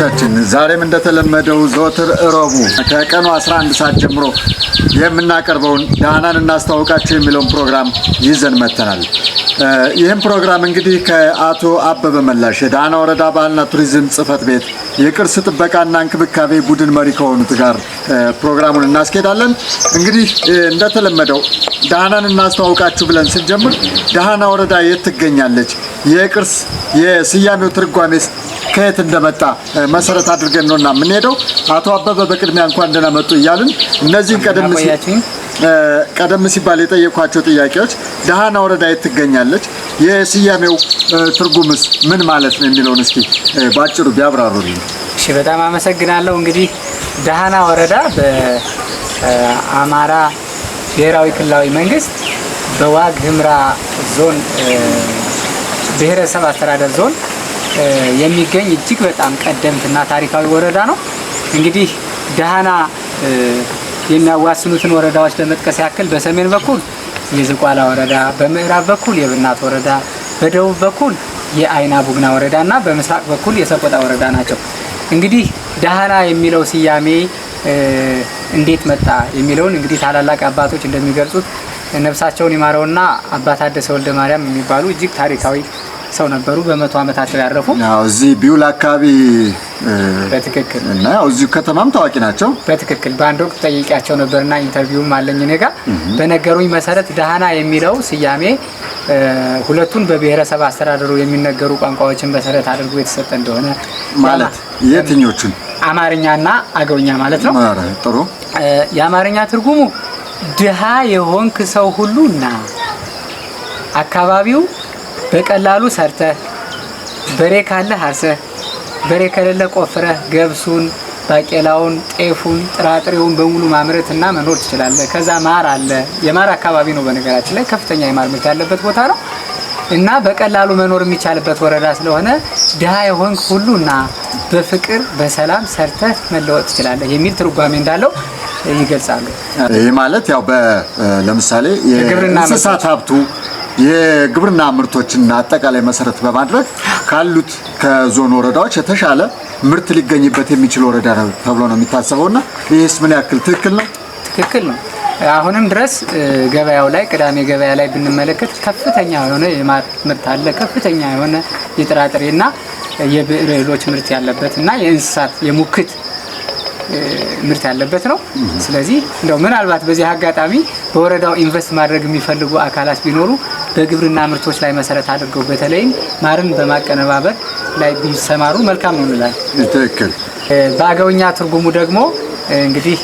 ተመልካቾቻችን ዛሬም እንደተለመደው ዘወትር እረቡ ከቀኑ 11 ሰዓት ጀምሮ የምናቀርበውን ዳህናን እናስተዋውቃቸው የሚለውን ፕሮግራም ይዘን መጥተናል። ይህም ፕሮግራም እንግዲህ ከአቶ አበበ መላሽ የዳህና ወረዳ ባህልና ቱሪዝም ጽህፈት ቤት የቅርስ ጥበቃና እንክብካቤ ቡድን መሪ ከሆኑት ጋር ፕሮግራሙን እናስኬዳለን። እንግዲህ እንደተለመደው ዳህናን እናስተዋውቃችሁ ብለን ስንጀምር ዳህና ወረዳ የት ትገኛለች? የቅርስ የስያሜው ትርጓሜስ ከየት እንደመጣ መሰረት አድርገን እና የምንሄደው። አቶ አበበ በቅድሚያ እንኳን ደህና መጡ እያልን እነዚህን ቀደም ቀደም ሲባል የጠየኳቸው ጥያቄዎች ደሃና ወረዳ የት ትገኛለች፣ የስያሜው ትርጉምስ ምን ማለት ነው የሚለውን እስኪ በአጭሩ ቢያብራሩልኝ። እሺ፣ በጣም አመሰግናለሁ። እንግዲህ ደሃና ወረዳ በአማራ ብሔራዊ ክልላዊ መንግስት በዋግ ህምራ ዞን ብሔረሰብ አስተዳደር ዞን የሚገኝ እጅግ በጣም ቀደምትና ታሪካዊ ወረዳ ነው። እንግዲህ ደሃና የሚያዋስኑትን ወረዳዎች ለመጥቀስ ያክል በሰሜን በኩል የዝቋላ ወረዳ፣ በምዕራብ በኩል የብናት ወረዳ፣ በደቡብ በኩል የአይና ቡግና ወረዳ እና በምስራቅ በኩል የሰቆጣ ወረዳ ናቸው። እንግዲህ ደሃና የሚለው ስያሜ እንዴት መጣ የሚለውን እንግዲህ ታላላቅ አባቶች እንደሚገልጹት ነፍሳቸውን ይማረውና አባት አደሰ ወልደ ማርያም የሚባሉ እጅግ ታሪካዊ ሰው ነበሩ። በመቶ አመታት ያረፉ እዚህ ቢውል አካባቢ በትክክል እና ያው እዚሁ ከተማም ታዋቂ ናቸው። በትክክል በአንድ ወቅት ጠይቂያቸው ነበርና ኢንተርቪውም አለኝ እኔ ጋ በነገሩኝ መሰረት ዳህና የሚለው ስያሜ ሁለቱን በብሔረሰብ አስተዳደሩ የሚነገሩ ቋንቋዎችን መሰረት አድርጎ የተሰጠ እንደሆነ ማለት የትኞቹን አማርኛና አገውኛ ማለት ነው። ጥሩ የአማርኛ ትርጉሙ ድሃ የሆንክ ሰው ሁሉ ና አካባቢው በቀላሉ ሰርተ በሬ ካለ ሀሰ በሬ ከሌለ ቆፍረ ገብሱን፣ ባቄላውን፣ ጤፉን፣ ጥራጥሬውን በሙሉ ማምረት እና መኖር ትችላለ ከዛ ማር አለ። የማር አካባቢ ነው በነገራችን ላይ ከፍተኛ የማር ምርት ያለበት ቦታ ነው እና በቀላሉ መኖር የሚቻልበት ወረዳ ስለሆነ ድሃ የሆንክ ሁሉ እና በፍቅር በሰላም ሰርተህ መለወጥ ትችላለህ የሚል ትርጓሜ እንዳለው ይገልጻሉ። ይህ ማለት ያው ለምሳሌ የእንስሳት ሀብቱ የግብርና ምርቶችን አጠቃላይ መሰረት በማድረግ ካሉት ከዞን ወረዳዎች የተሻለ ምርት ሊገኝበት የሚችል ወረዳ ነው ተብሎ ነው የሚታሰበው እና ይህስ ምን ያክል ትክክል ነው? ትክክል ነው። አሁንም ድረስ ገበያው ላይ ቅዳሜ ገበያ ላይ ብንመለከት ከፍተኛ የሆነ የማር ምርት አለ። ከፍተኛ የሆነ የጥራጥሬና የብዕር እህሎች ምርት ያለበት እና የእንስሳት የሙክት ምርት ያለበት ነው። ስለዚህ እንደው ምናልባት በዚህ አጋጣሚ በወረዳው ኢንቨስት ማድረግ የሚፈልጉ አካላት ቢኖሩ በግብርና ምርቶች ላይ መሰረት አድርገው በተለይም ማርን በማቀነባበር ላይ ቢሰማሩ መልካም ነው እንላለን። ትክክል። በአገውኛ ትርጉሙ ደግሞ እንግዲህ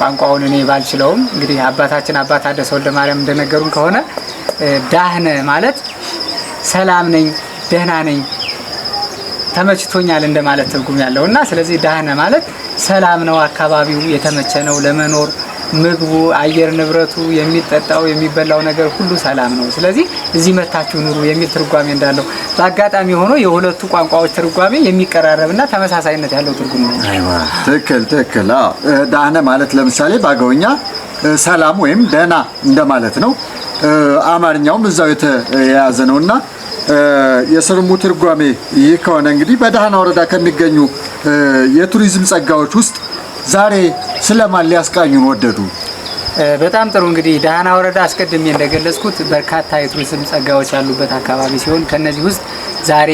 ቋንቋውን እኔ ባልችለውም እንግዲህ አባታችን አባት አደሰ ወልደ ማርያም እንደነገሩን ከሆነ ዳህነ ማለት ሰላም ነኝ፣ ደህና ነኝ፣ ተመችቶኛል እንደማለት ትርጉም ያለው እና ስለዚህ ዳህነ ማለት ሰላም ነው፣ አካባቢው የተመቸ ነው ለመኖር ምግቡ፣ አየር ንብረቱ፣ የሚጠጣው የሚበላው ነገር ሁሉ ሰላም ነው። ስለዚህ እዚህ መታችሁ ኑሩ የሚል ትርጓሜ እንዳለው በአጋጣሚ ሆኖ የሁለቱ ቋንቋዎች ትርጓሜ የሚቀራረብና ተመሳሳይነት ያለው ትርጉም ነው። ትክክል ትክክል። ዳህነ ማለት ለምሳሌ በአገውኛ ሰላም ወይም ደህና እንደማለት ነው። አማርኛውም እዛው የተያያዘ ነውና የስርሙ ትርጓሜ ይህ ከሆነ እንግዲህ በደህና ወረዳ ከሚገኙ የቱሪዝም ጸጋዎች ውስጥ ዛሬ ስለማን ሊያስቃኙን ወደዱ? በጣም ጥሩ እንግዲህ ደህና ወረዳ አስቀድሜ እንደገለጽኩት በርካታ የቱሪዝም ጸጋዎች ያሉበት አካባቢ ሲሆን ከነዚህ ውስጥ ዛሬ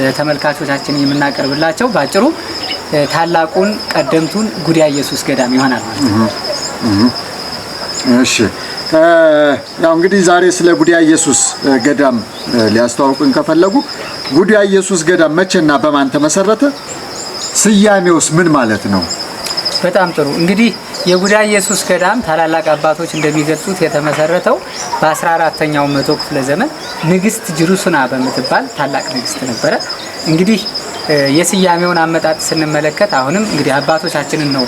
ለተመልካቾቻችን የምናቀርብላቸው ባጭሩ ታላቁን ቀደምቱን ጉዳይ ኢየሱስ ገዳም ይሆናል ማለት ነው። እሺ ያው እንግዲህ ዛሬ ስለ ጉዲያ ኢየሱስ ገዳም ሊያስተዋውቁን ከፈለጉ ጉዲያ ኢየሱስ ገዳም መቼና በማን ተመሰረተ? ስያሜውስ ምን ማለት ነው? በጣም ጥሩ እንግዲህ የጉዳ ኢየሱስ ገዳም ታላላቅ አባቶች እንደሚገልጹት የተመሰረተው በ14ኛው መቶ ክፍለ ዘመን ንግስት ጅሩሱና በምትባል ታላቅ ንግስት ነበረ። እንግዲህ የስያሜውን አመጣጥ ስንመለከት አሁንም እንግዲህ አባቶቻችንን ነው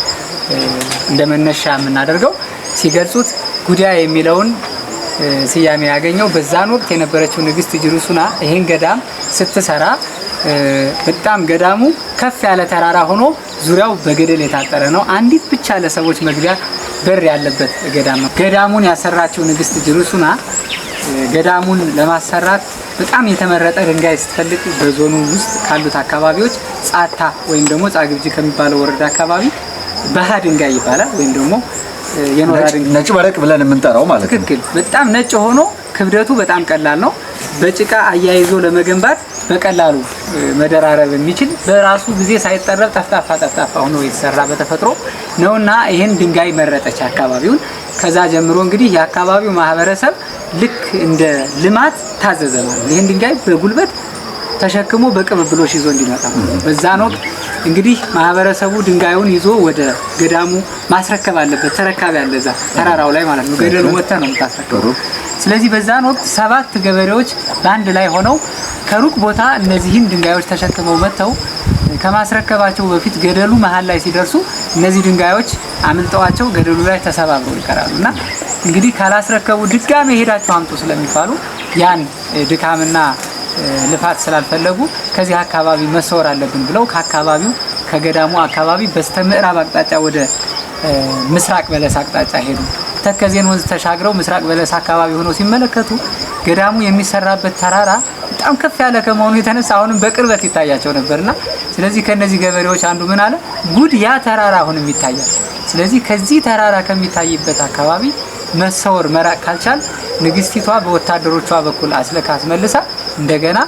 እንደመነሻ የምናደርገው ሲገልጹት ጉዳ የሚለውን ስያሜ ያገኘው በዛን ወቅት የነበረችው ንግስት ጅሩሱና ይህን ገዳም ስትሰራ በጣም ገዳሙ ከፍ ያለ ተራራ ሆኖ ዙሪያው በገደል የታጠረ ነው። አንዲት ብቻ ለሰዎች መግቢያ በር ያለበት ገዳም ነው። ገዳሙን ያሰራችው ንግስት ጅሩሱና ገዳሙን ለማሰራት በጣም የተመረጠ ድንጋይ ስትፈልግ በዞኑ ውስጥ ካሉት አካባቢዎች ጻታ ወይም ደግሞ ጻግብጅ ከሚባለው ወረዳ አካባቢ ባህ ድንጋይ ይባላል ወይም ደግሞ ነጭ መረቅ ብለን የምንጠራው ማለት ነው። ትክክል። በጣም ነጭ ሆኖ ክብደቱ በጣም ቀላል ነው። በጭቃ አያይዞ ለመገንባት በቀላሉ መደራረብ የሚችል በራሱ ጊዜ ሳይጠረብ ጠፍጣፋ ጠፍጣፋ ሆኖ የተሰራ በተፈጥሮ ነውና ይህን ድንጋይ መረጠች አካባቢውን። ከዛ ጀምሮ እንግዲህ የአካባቢው ማህበረሰብ ልክ እንደ ልማት ታዘዘ ነው። ይህን ድንጋይ በጉልበት ተሸክሞ በቅብብሎሽ ይዞ እንዲመጣ በዛን ወቅት እንግዲህ ማህበረሰቡ ድንጋዩን ይዞ ወደ ገዳሙ ማስረከብ አለበት። ተረካቢ አለ እዛ ተራራው ላይ ማለት ነው። ገደሉ ወጥተህ ነው የምታስረከበው። ስለዚህ በዛን ወቅት ሰባት ገበሬዎች በአንድ ላይ ሆነው ከሩቅ ቦታ እነዚህን ድንጋዮች ተሸክመው መጥተው ከማስረከባቸው በፊት ገደሉ መሀል ላይ ሲደርሱ እነዚህ ድንጋዮች አምልጠዋቸው ገደሉ ላይ ተሰባብረው ይቀራሉ እና እንግዲህ ካላስረከቡ ድጋሜ ሄዳቸው አምጡ ስለሚባሉ ያን ድካምና ልፋት ስላልፈለጉ ከዚህ አካባቢ መሰወር አለብን ብለው ከአካባቢው ከገዳሙ አካባቢ በስተ ምዕራብ አቅጣጫ ወደ ምስራቅ በለስ አቅጣጫ ሄዱ። ተከዜን ወንዝ ተሻግረው ምስራቅ በለስ አካባቢ ሆነው ሲመለከቱ ገዳሙ የሚሰራበት ተራራ በጣም ከፍ ያለ ከመሆኑ የተነሳ አሁንም በቅርበት ይታያቸው ነበርና ስለዚህ ከእነዚህ ገበሬዎች አንዱ ምን አለ፣ ጉድ ያ ተራራ አሁንም ይታያል። ስለዚህ ከዚህ ተራራ ከሚታይበት አካባቢ መሰወር መራቅ ካልቻል ንግስቲቷ በወታደሮቿ በኩል አስለካ አስመልሳ እንደገና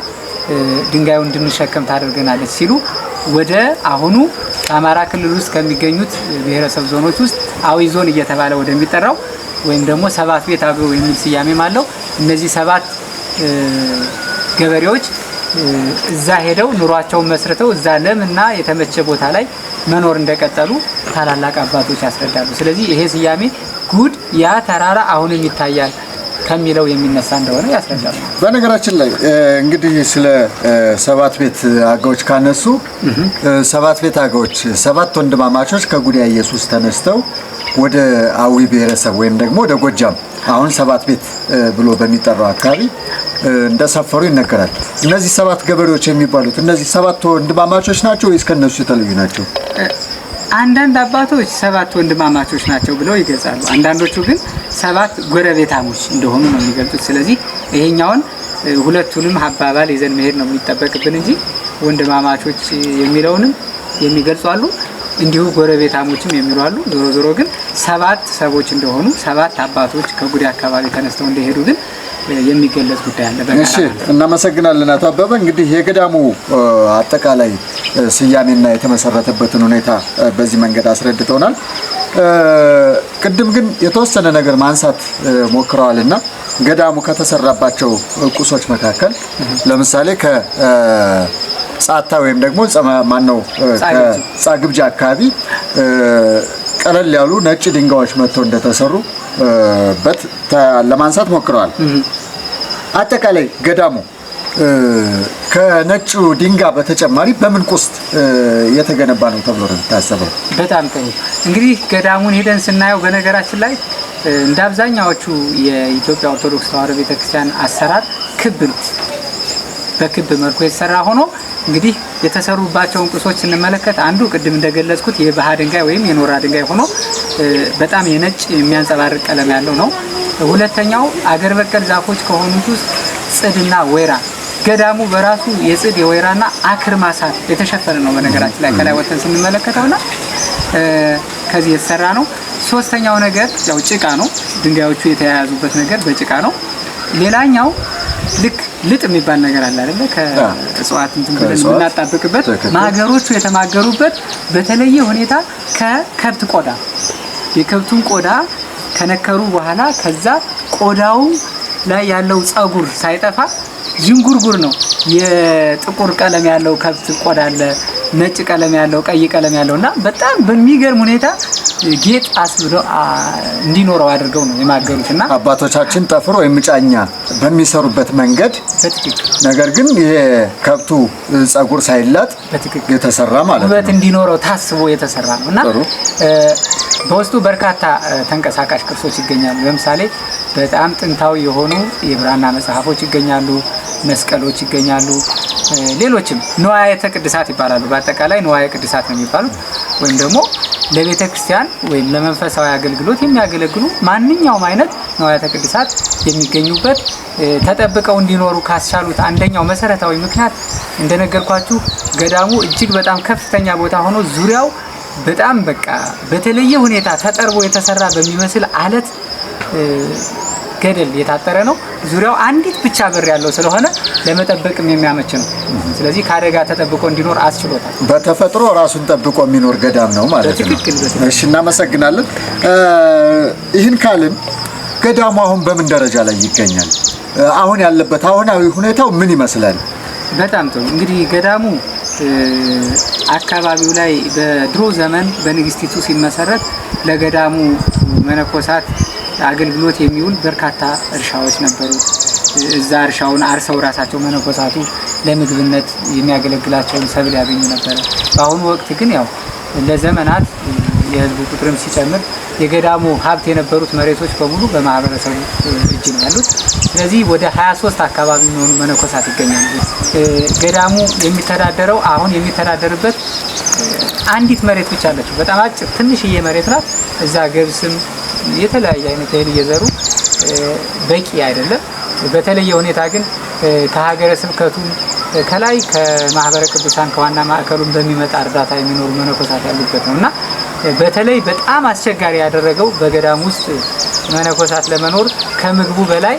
ድንጋዩ እንድንሸከም ታደርገናለች ሲሉ ወደ አሁኑ በአማራ ክልል ውስጥ ከሚገኙት ብሔረሰብ ዞኖች ውስጥ አዊ ዞን እየተባለ ወደሚጠራው ወይም ደግሞ ሰባት ቤት አገው የሚል ስያሜም አለው። እነዚህ ሰባት ገበሬዎች እዛ ሄደው ኑሯቸውን መስርተው እዛ ለም እና የተመቸ ቦታ ላይ መኖር እንደቀጠሉ ታላላቅ አባቶች ያስረዳሉ። ስለዚህ ይሄ ስያሜ ጉድ ያ ተራራ አሁንም ይታያል ከሚለው የሚነሳ እንደሆነ ያስረዳል። በነገራችን ላይ እንግዲህ ስለ ሰባት ቤት አገዎች ካነሱ ሰባት ቤት አገዎች ሰባት ወንድማማቾች ከጉዳይ ኢየሱስ ተነስተው ወደ አዊ ብሔረሰብ ወይም ደግሞ ወደ ጎጃም አሁን ሰባት ቤት ብሎ በሚጠራው አካባቢ እንደሰፈሩ ይነገራል። እነዚህ ሰባት ገበሬዎች የሚባሉት እነዚህ ሰባት ወንድማማቾች ናቸው ወይስ ከነሱ የተለዩ ናቸው? አንዳንድ አባቶች ሰባት ወንድማማቾች ናቸው ብለው ይገልጻሉ። አንዳንዶቹ ግን ሰባት ጎረቤታሞች እንደሆኑ ነው የሚገልጹት። ስለዚህ ይሄኛውን ሁለቱንም አባባል ይዘን መሄድ ነው የሚጠበቅብን እንጂ ወንድማማቾች የሚለውንም የሚገልጹ አሉ፣ እንዲሁ ጎረቤታሞችም የሚሉ አሉ። ዞሮ ዞሮ ግን ሰባት ሰዎች እንደሆኑ ሰባት አባቶች ከጉዳይ አካባቢ ተነስተው እንደሄዱ ግን የሚገለጽ ጉዳይ አለ። እሺ፣ እናመሰግናለን አቶ አበበ። እንግዲህ የገዳሙ አጠቃላይ ስያሜና የተመሰረተበትን ሁኔታ በዚህ መንገድ አስረድተውናል። ቅድም ግን የተወሰነ ነገር ማንሳት ሞክረዋል እና ገዳሙ ከተሰራባቸው ቁሶች መካከል ለምሳሌ ከጻታ ወይም ደግሞ ማነው ከጻግብጃ አካባቢ ቀለል ያሉ ነጭ ድንጋዮች መጥተው በት ለማንሳት ሞክረዋል። አጠቃላይ ገዳሙ ከነጩ ድንጋይ በተጨማሪ በምን ቁስት የተገነባ ነው ተብሎ ነው የታሰበው? በጣም ጥሩ። እንግዲህ ገዳሙን ሄደን ስናየው በነገራችን ላይ እንደ አብዛኛዎቹ የኢትዮጵያ ኦርቶዶክስ ተዋሕዶ ቤተክርስቲያን አሰራር ክብ በክብ መልኩ የተሰራ ሆኖ እንግዲህ የተሰሩባቸውን ቁሶች ስንመለከት አንዱ ቅድም እንደገለጽኩት የባሃ ድንጋይ ወይም የኖራ ድንጋይ ሆኖ በጣም የነጭ የሚያንጸባርቅ ቀለም ያለው ነው። ሁለተኛው አገር በቀል ዛፎች ከሆኑት ውስጥ ጽድና ወይራ ገዳሙ በራሱ የጽድ የወይራና አክር ማሳት የተሸፈነ ነው። በነገራችን ላይ ከላይ ወተን ስንመለከተውና ከዚህ የተሰራ ነው። ሶስተኛው ነገር ያው ጭቃ ነው። ድንጋዮቹ የተያያዙበት ነገር በጭቃ ነው። ሌላኛው ልክ ልጥ የሚባል ነገር አለ አይደለ? ከእጽዋት እንትን ብለን የምናጣብቅበት ማህገሮቹ የተማገሩበት በተለየ ሁኔታ ከከብት ቆዳ የከብቱን ቆዳ ከነከሩ በኋላ ከዛ ቆዳው ላይ ያለው ጸጉር ሳይጠፋ ዥንጉርጉር ነው። የጥቁር ቀለም ያለው ከብት ቆዳ አለ፣ ነጭ ቀለም ያለው፣ ቀይ ቀለም ያለው እና በጣም በሚገርም ሁኔታ ጌጥ አስብሎ እንዲኖረው አድርገው ነው የማገሩት እና አባቶቻችን ጠፍሮ ወይም ጫኛ በሚሰሩበት መንገድ ነገር ግን ከብቱ ጸጉር ሳይላት የተሰራ ማለት ነው። ውበት እንዲኖረው ታስቦ የተሰራ ነው እና በውስጡ በርካታ ተንቀሳቃሽ ቅርሶች ይገኛሉ። ለምሳሌ በጣም ጥንታዊ የሆኑ የብራና መጽሐፎች ይገኛሉ፣ መስቀሎች ይገኛሉ። ሌሎችም ንዋየተ ቅድሳት ይባላሉ። በአጠቃላይ ንዋየ ቅድሳት ነው የሚባሉት ወይም ደግሞ ለቤተ ክርስቲያን ወይም ለመንፈሳዊ አገልግሎት የሚያገለግሉ ማንኛውም አይነት ንዋያተ ቅድሳት የሚገኙበት ተጠብቀው እንዲኖሩ ካስቻሉት አንደኛው መሰረታዊ ምክንያት እንደነገርኳችሁ ገዳሙ እጅግ በጣም ከፍተኛ ቦታ ሆኖ ዙሪያው በጣም በቃ በተለየ ሁኔታ ተጠርቦ የተሰራ በሚመስል አለት ገደል የታጠረ ነው። ዙሪያው አንዲት ብቻ በር ያለው ስለሆነ ለመጠበቅም የሚያመች ነው። ስለዚህ ከአደጋ ተጠብቆ እንዲኖር አስችሎታል። በተፈጥሮ ራሱን ጠብቆ የሚኖር ገዳም ነው ማለት ነው። እሺ፣ እናመሰግናለን። ይህን ካልን ገዳሙ አሁን በምን ደረጃ ላይ ይገኛል? አሁን ያለበት አሁናዊ ሁኔታው ምን ይመስላል? በጣም ጥሩ። እንግዲህ ገዳሙ አካባቢው ላይ በድሮ ዘመን በንግስቲቱ ሲመሰረት ለገዳሙ መነኮሳት አገልግሎት የሚውል በርካታ እርሻዎች ነበሩ። እዛ እርሻውን አርሰው ራሳቸው መነኮሳቱ ለምግብነት የሚያገለግላቸውን ሰብል ያገኙ ነበረ። በአሁኑ ወቅት ግን ያው ለዘመናት የህዝቡ ቁጥርም ሲጨምር የገዳሙ ሀብት የነበሩት መሬቶች በሙሉ በማህበረሰቡ እጅ ነው ያሉት። ስለዚህ ወደ 23 አካባቢ የሚሆኑ መነኮሳት ይገኛሉ። ገዳሙ የሚተዳደረው አሁን የሚተዳደርበት አንዲት መሬት ብቻ አለችው። በጣም አጭር ትንሽዬ መሬት ናት። እዛ ገብስም የተለያየ አይነት እህል እየዘሩ በቂ አይደለም። በተለየ ሁኔታ ግን ከሀገረ ስብከቱም ከላይ ከማህበረ ቅዱሳን ከዋና ማዕከሉም በሚመጣ እርዳታ የሚኖሩ መነኮሳት ያሉበት ነው እና በተለይ በጣም አስቸጋሪ ያደረገው በገዳም ውስጥ መነኮሳት ለመኖር ከምግቡ በላይ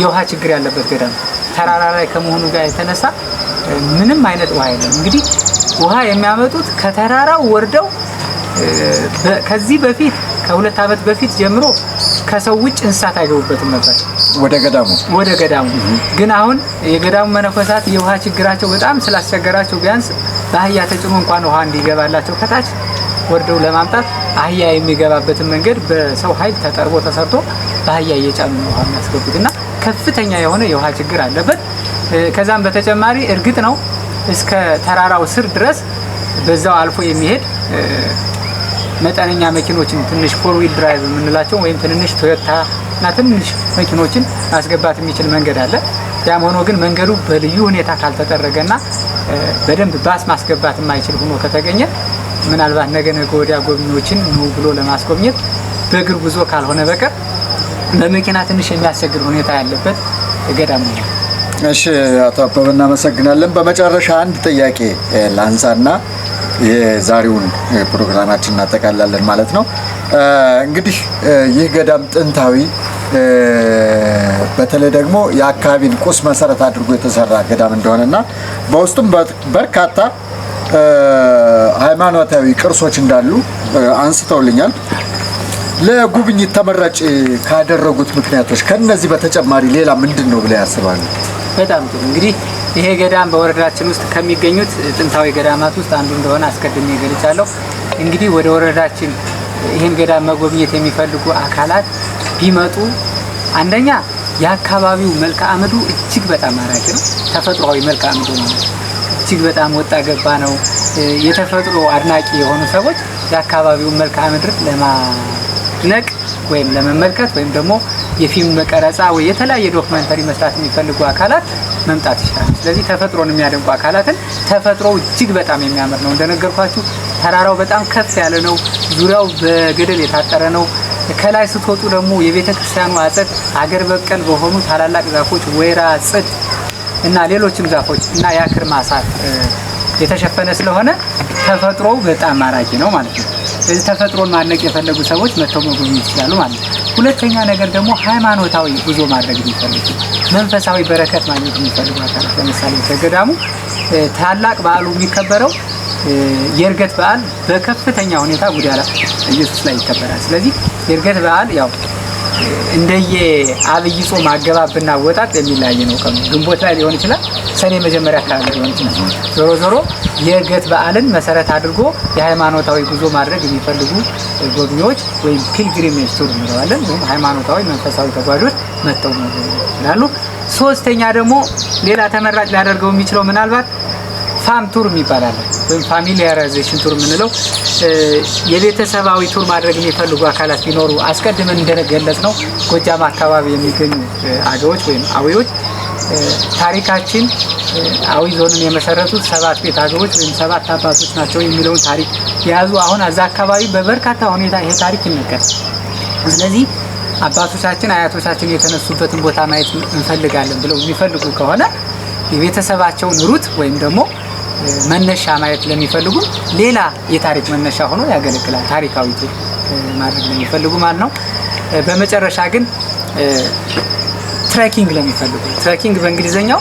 የውሃ ችግር ያለበት ገዳም ተራራ ላይ ከመሆኑ ጋር የተነሳ ምንም አይነት ውሃ የለም። እንግዲህ ውሃ የሚያመጡት ከተራራው ወርደው ከዚህ በፊት ከሁለት ዓመት በፊት ጀምሮ ከሰው ውጭ እንስሳት አይገቡበትም ነበር ወደ ገዳሙ ወደ ገዳሙ። ግን አሁን የገዳሙ መነኮሳት የውሃ ችግራቸው በጣም ስላስቸገራቸው ቢያንስ በአህያ ተጭኖ እንኳን ውሃ እንዲገባላቸው ከታች ወርደው ለማምጣት አህያ የሚገባበትን መንገድ በሰው ኃይል ተጠርቦ ተሰርቶ በአህያ እየጫኑ ውሃ የሚያስገቡት እና ከፍተኛ የሆነ የውሃ ችግር አለበት። ከዛም በተጨማሪ እርግጥ ነው እስከ ተራራው ስር ድረስ በዛው አልፎ የሚሄድ መጠነኛ መኪኖችን ትንሽ ፎር ዊል ድራይቭ የምንላቸው ወይም ትንንሽ ቶዮታ እና ትንሽ መኪኖችን ማስገባት የሚችል መንገድ አለ። ያም ሆኖ ግን መንገዱ በልዩ ሁኔታ ካልተጠረገና በደንብ ባስ ማስገባት የማይችል ሆኖ ከተገኘ ምናልባት ነገ ነገ ወዲያ ጎብኚዎችን ነው ብሎ ለማስጎብኘት በእግር ጉዞ ካልሆነ በቀር በመኪና ትንሽ የሚያስቸግር ሁኔታ ያለበት ገዳም ነው። እሺ አቶ አበበ እናመሰግናለን። በመጨረሻ አንድ ጥያቄ ላንሳና የዛሬውን ፕሮግራማችን እናጠቃላለን ማለት ነው። እንግዲህ ይህ ገዳም ጥንታዊ በተለይ ደግሞ የአካባቢን ቁስ መሰረት አድርጎ የተሰራ ገዳም እንደሆነና በውስጡም በርካታ ሃይማኖታዊ ቅርሶች እንዳሉ አንስተውልኛል። ለጉብኝት ተመራጭ ካደረጉት ምክንያቶች ከነዚህ በተጨማሪ ሌላ ምንድን ነው ብለው ያስባሉ? በጣም ጥሩ እንግዲህ ይሄ ገዳም በወረዳችን ውስጥ ከሚገኙት ጥንታዊ ገዳማት ውስጥ አንዱ እንደሆነ አስቀድሜ ገልጻለሁ። እንግዲህ ወደ ወረዳችን ይህን ገዳም መጎብኘት የሚፈልጉ አካላት ቢመጡ አንደኛ የአካባቢው መልክዓ ምድሩ እጅግ በጣም ማራኪ ነው። ተፈጥሯዊ መልክዓ ምድሩ ነው። እጅግ በጣም ወጣ ገባ ነው። የተፈጥሮ አድናቂ የሆኑ ሰዎች የአካባቢውን መልክዓ ምድር ለማድነቅ ወይም ለመመልከት ወይም ደግሞ የፊልም ቀረጻ ወይ የተለያየ ዶክመንተሪ መስራት የሚፈልጉ አካላት መምጣት ይችላል። ስለዚህ ተፈጥሮን የሚያደንቁ አካላትን ተፈጥሮ እጅግ በጣም የሚያምር ነው። እንደነገርኳችሁ ተራራው በጣም ከፍ ያለ ነው። ዙሪያው በገደል የታጠረ ነው። ከላይ ስትወጡ ደግሞ የቤተ ክርስቲያኑ አጸድ አገር በቀል በሆኑ ታላላቅ ዛፎች ወይራ፣ ጽድ እና ሌሎችም ዛፎች እና የአክር ማሳት የተሸፈነ ስለሆነ ተፈጥሮው በጣም ማራኪ ነው ማለት ነው። ስለዚህ ተፈጥሮን ማድነቅ የፈለጉ ሰዎች መጥተው መጎብኘት ይችላሉ ማለት ነው። ሁለተኛ ነገር ደግሞ ሃይማኖታዊ ጉዞ ማድረግ ነው። መንፈሳዊ በረከት ማግኘት የሚፈልጉ አካላት ለምሳሌ በገዳሙ ታላቅ በዓሉ የሚከበረው የእርገት በዓል በከፍተኛ ሁኔታ ጉዳላ ኢየሱስ ላይ ይከበራል። ስለዚህ የእርገት በዓል ያው እንደየ አብይ ጾም አገባብና ወጣት የሚለያየ ነው። ግንቦት ላይ ሊሆን ይችላል፣ ሰኔ መጀመሪያ አካባቢ ሊሆን ይችላል። ዞሮ ዞሮ የእገት በዓልን መሰረት አድርጎ የሃይማኖታዊ ጉዞ ማድረግ የሚፈልጉ ጎብኚዎች ወይም ፒልግሪሜጅ ቱር እንለዋለን ወይም ሃይማኖታዊ መንፈሳዊ ተጓዦች መጥተው ይችላሉ። ሶስተኛ ደግሞ ሌላ ተመራጭ ሊያደርገው የሚችለው ምናልባት ፋም ቱር የሚባል ወይም ፋሚሊያራይዜሽን ቱር የምንለው የቤተሰባዊ ቱር ማድረግ የሚፈልጉ አካላት ቢኖሩ አስቀድመን እንደገለጽ ነው ጎጃም አካባቢ የሚገኙ አገዎች ወይም አዊዎች ታሪካችን አዊ ዞንን የመሰረቱት ሰባት ቤት አገቦች ወይም ሰባት አባቶች ናቸው የሚለውን ታሪክ የያዙ አሁን እዛ አካባቢ በበርካታ ሁኔታ ይሄ ታሪክ ይነገራል። ስለዚህ አባቶቻችን አያቶቻችን የተነሱበትን ቦታ ማየት እንፈልጋለን ብለው የሚፈልጉ ከሆነ የቤተሰባቸውን ሩት ወይም ደግሞ መነሻ ማየት ለሚፈልጉ ሌላ የታሪክ መነሻ ሆኖ ያገለግላል። ታሪካዊ ማድረግ ለሚፈልጉ ማለት ነው። በመጨረሻ ግን ትሬኪንግ ለሚፈልጉ ትሬኪንግ በእንግሊዝኛው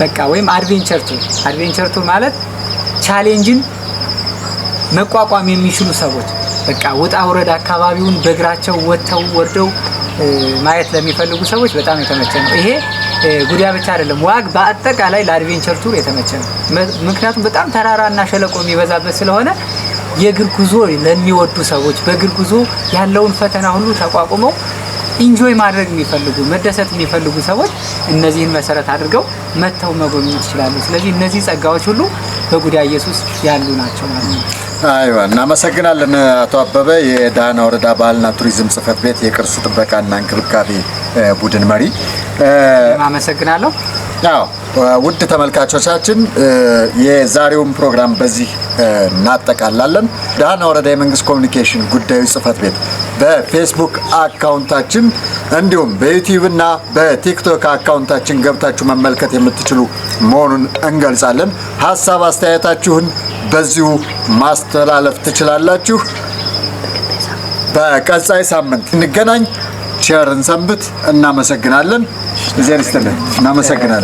በቃ ወይም አድቬንቸር ቱር አድቬንቸር ቱር ማለት ቻሌንጅን መቋቋም የሚችሉ ሰዎች በቃ ውጣ ውረድ አካባቢውን በእግራቸው ወጥተው ወርደው ማየት ለሚፈልጉ ሰዎች በጣም የተመቸ ነው ይሄ። ጉዳያ ብቻ አይደለም። ዋግ በአጠቃላይ ለአድቬንቸር ቱር የተመቸ ነው። ምክንያቱም በጣም ተራራና ሸለቆ የሚበዛበት ስለሆነ የእግር ጉዞ ለሚወዱ ሰዎች በእግር ጉዞ ያለውን ፈተና ሁሉ ተቋቁመው ኢንጆይ ማድረግ የሚፈልጉ መደሰት የሚፈልጉ ሰዎች እነዚህን መሰረት አድርገው መጥተው መጎብኘት ይችላሉ። ስለዚህ እነዚህ ጸጋዎች ሁሉ በጉዳይ ኢየሱስ ያሉ ናቸው ማለት ነው። አይዋ እናመሰግናለን አቶ አበበ፣ የዳህና ወረዳ ባህልና ቱሪዝም ጽህፈት ቤት የቅርስ ጥበቃና እንክብካቤ ቡድን መሪ አመሰግናለሁ። ያው ውድ ተመልካቾቻችን የዛሬውን ፕሮግራም በዚህ እናጠቃላለን። ደሃና ወረዳ የመንግስት ኮሚኒኬሽን ጉዳዮች ጽህፈት ቤት በፌስቡክ አካውንታችን እንዲሁም እና በቲክቶክ አካውንታችን ገብታችሁ መመልከት የምትችሉ መሆኑን እንገልጻለን። ሀሳብ አስተያየታችሁን በዚሁ ማስተላለፍ ትችላላችሁ። በቀጻይ ሳምንት እንገናኝ። ቸርን ሰንብት። እናመሰግናለን። እግዚአብሔር ይስጥልን። እናመሰግናለን።